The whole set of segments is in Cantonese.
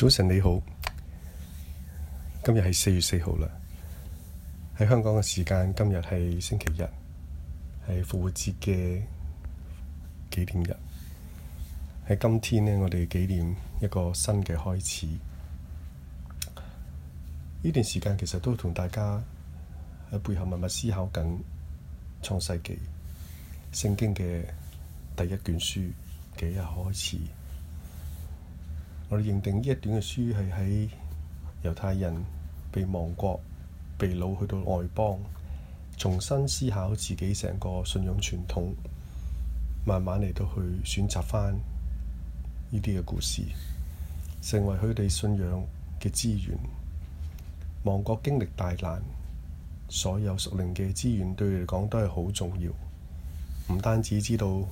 早晨你好，今日係四月四號啦，喺香港嘅時間今日係星期日，係復活節嘅紀念日。喺今天呢，我哋紀念一個新嘅開始。呢段時間其實都同大家喺背後默默思考緊創世紀聖經嘅第一卷書幾日開始。我哋認定呢一段嘅書係喺猶太人被亡國、被擄去到外邦，重新思考自己成個信仰傳統，慢慢嚟到去選擇翻呢啲嘅故事，成為佢哋信仰嘅資源。亡國經歷大難，所有屬靈嘅資源對佢嚟講都係好重要。唔單止知道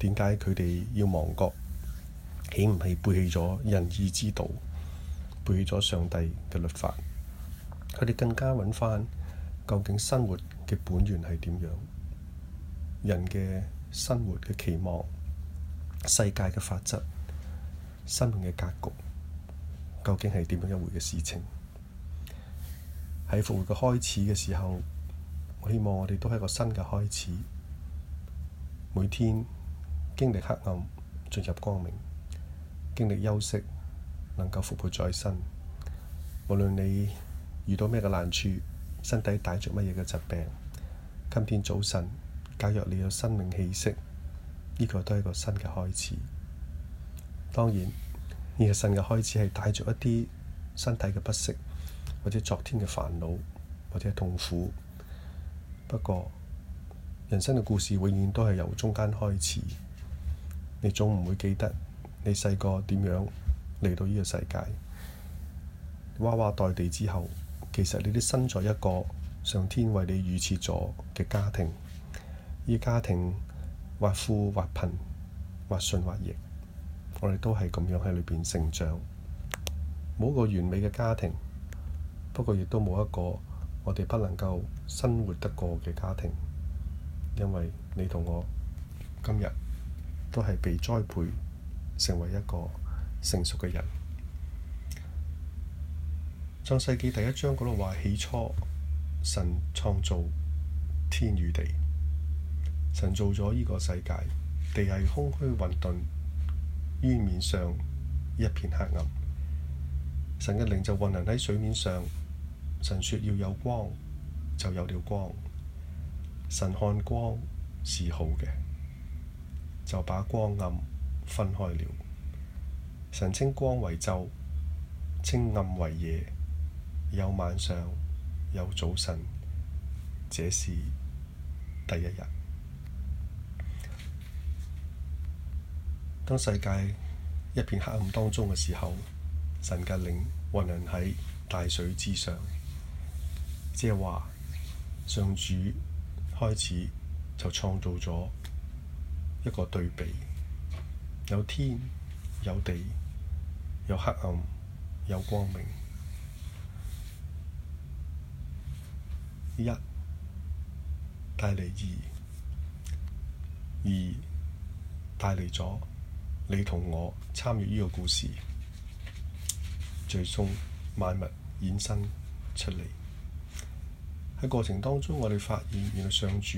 點解佢哋要亡國。豈唔係背棄咗仁義之道，背棄咗上帝嘅律法。佢哋更加揾翻究竟生活嘅本源係點樣？人嘅生活嘅期望、世界嘅法則、生命嘅格局，究竟係點樣一回嘅事情？喺復活嘅開始嘅時候，我希望我哋都係一個新嘅開始。每天經歷黑暗，進入光明。經歷休息，能夠復活再生。無論你遇到咩嘅難處，身體帶着乜嘢嘅疾病，今天早晨，假若你有生命氣息，呢個都係一個新嘅開始。當然，呢個新嘅開始係帶着一啲身體嘅不適，或者昨天嘅煩惱，或者痛苦。不過，人生嘅故事永遠都係由中間開始。你總唔會記得。你細個點樣嚟到呢個世界？呱呱墜地之後，其實你啲身在一個上天為你預設咗嘅家庭。呢個家庭或富或貧，或順或逆，我哋都係咁樣喺裏邊成長。冇一個完美嘅家庭，不過亦都冇一個我哋不能夠生活得過嘅家庭，因為你同我今日都係被栽培成為一個成熟嘅人。創世記第一章嗰度話，起初神創造天與地，神造咗呢個世界，地係空虛混沌，於面上一片黑暗。神嘅靈就運行喺水面上，神說要有光，就有了光。神看光是好嘅，就把光暗分開了，神稱光為晝，稱暗為夜，有晚上，有早晨。這是第一日。當世界一片黑暗當中嘅時候，神嘅靈運行喺大水之上，即係話，上主開始就創造咗一個對比。有天，有地，有黑暗，有光明。一帶嚟二，二帶嚟咗你同我參與呢個故事，最終萬物衍生出嚟。喺過程當中，我哋發現原來上主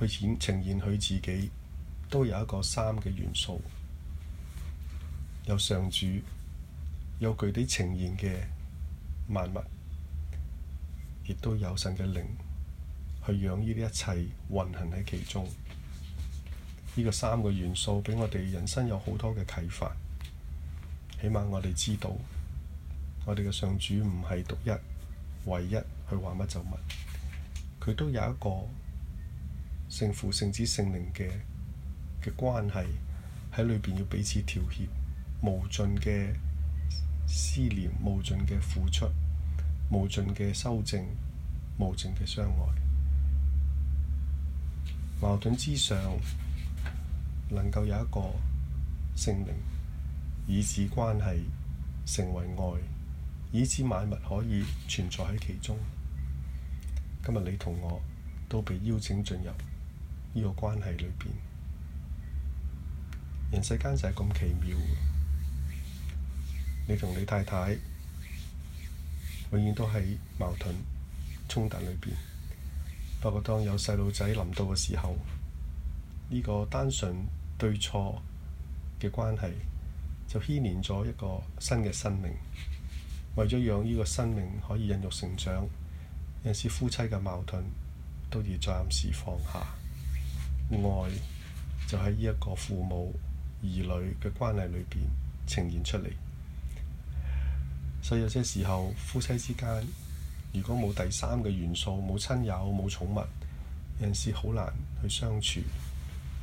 去呈現佢自己。都有一個三嘅元素，有上主，有具體呈現嘅萬物，亦都有神嘅靈去養於呢一切運行喺其中。呢、這個三個元素俾我哋人生有好多嘅啟發。起碼我哋知道，我哋嘅上主唔係獨一唯一去話乜就乜，佢都有一個聖父、聖子、聖靈嘅。嘅關係喺裏邊要彼此調協，無盡嘅思念，無盡嘅付出，無盡嘅修正，無盡嘅相愛。矛盾之上，能夠有一個聖靈，以此關係成為愛，以此萬物可以存在喺其中。今日你同我都被邀請進入呢個關係裏邊。人世間就係咁奇妙。你同你太太永遠都喺矛盾衝突裏邊。不過，當有細路仔臨到嘅時候，呢個單純對錯嘅關係就牽連咗一個新嘅生命。為咗讓呢個生命可以孕育成長，有時夫妻嘅矛盾都要暫時放下。愛就係呢一個父母兒女嘅關係裏邊呈現出嚟，所以有些時候夫妻之間，如果冇第三個元素，冇親友，冇寵物，有人事好難去相處，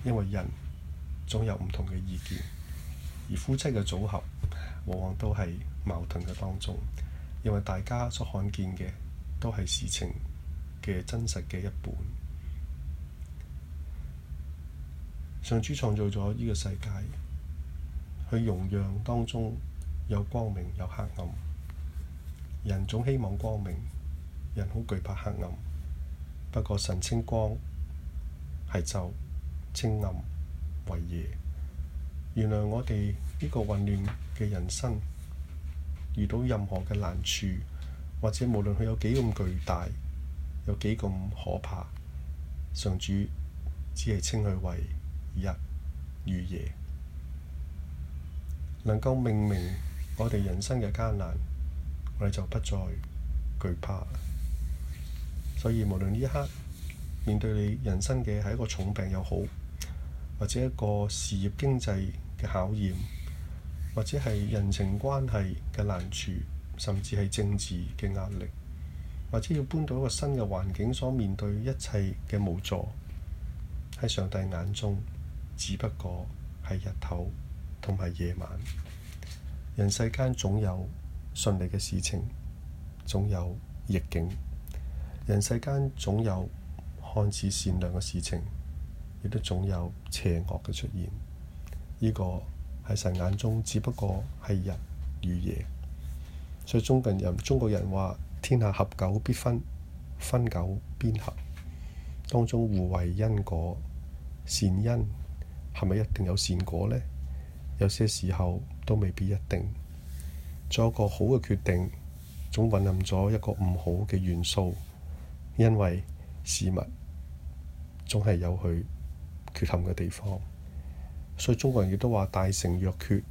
因為人總有唔同嘅意見，而夫妻嘅組合往往都係矛盾嘅當中，因為大家所看見嘅都係事情嘅真實嘅一半。上主創造咗呢個世界，佢容讓當中有光明有黑暗，人總希望光明，人好懼怕黑暗。不過神，神稱光係晝，稱暗為夜。原來我哋呢個混亂嘅人生遇到任何嘅難處，或者無論佢有幾咁巨大，有幾咁可怕，上主只係稱佢為。日與夜能夠命名我哋人生嘅艱難，我哋就不再懼怕啦。所以，無論呢一刻面對你人生嘅係一個重病又好，或者一個事業經濟嘅考驗，或者係人情關係嘅難處，甚至係政治嘅壓力，或者要搬到一個新嘅環境所面對一切嘅無助，喺上帝眼中。只不過係日頭同埋夜晚。人世間總有順利嘅事情，總有逆境。人世間總有看似善良嘅事情，亦都總有邪惡嘅出現。呢個喺神眼中，只不過係日與夜。所以中國人，中國中國人話天下合久必分，分久必合。當中互為因果，善因。係咪一定有善果呢？有些時候都未必一定。做一個好嘅決定，總混入咗一個唔好嘅元素，因為事物總係有佢缺陷嘅地方。所以中國人亦都話：大成若缺，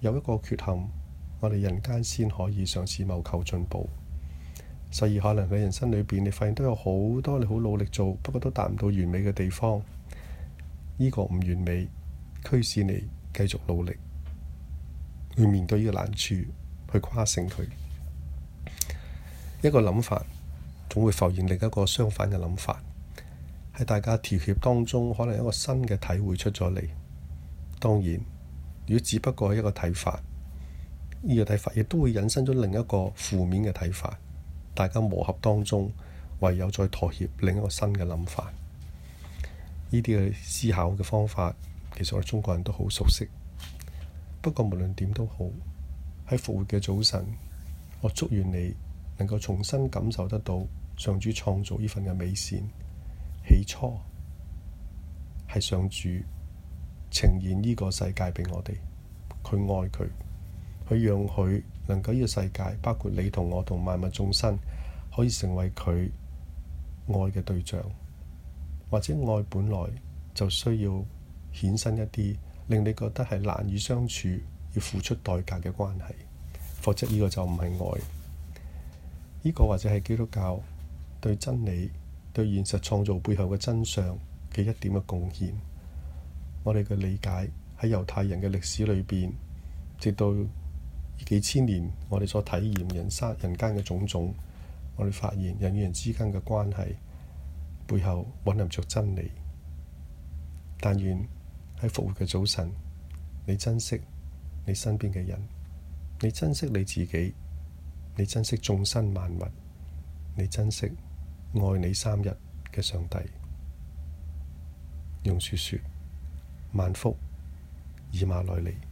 有一個缺陷，我哋人間先可以嘗試謀求進步。所以可能你人生裏邊，你發現都有好多你好努力做，不過都達唔到完美嘅地方。呢個唔完美，驅使你繼續努力去面對呢個難處，去跨勝佢。一個諗法總會浮現另一個相反嘅諗法，喺大家調協當中，可能一個新嘅體會出咗嚟。當然，如果只不過係一個睇法，呢、這個睇法亦都會引申咗另一個負面嘅睇法。大家磨合當中，唯有再妥協，另一個新嘅諗法。呢啲嘅思考嘅方法，其實我哋中國人都好熟悉。不過無論點都好，喺復活嘅早晨，我祝願你能夠重新感受得到上主創造呢份嘅美善。起初，係上主呈現呢個世界俾我哋。佢愛佢，佢讓佢能夠呢個世界，包括你同我同萬物眾生，可以成為佢愛嘅對象。或者愛本來就需要衍生一啲，令你覺得係難以相處，要付出代價嘅關係，否則呢個就唔係愛。呢、呢個或者係基督教對真理、對現實創造背後嘅真相嘅一點嘅貢獻。我哋嘅理解喺猶太人嘅歷史裏邊，直到幾千年我哋所體驗人生人間嘅種種，我哋發現人與人之間嘅關係背後蘊含着真理，但願喺復活嘅早晨，你珍惜你身邊嘅人，你珍惜你自己，你珍惜眾生萬物，你珍惜愛你三日嘅上帝。用說說，萬福，以馬內利。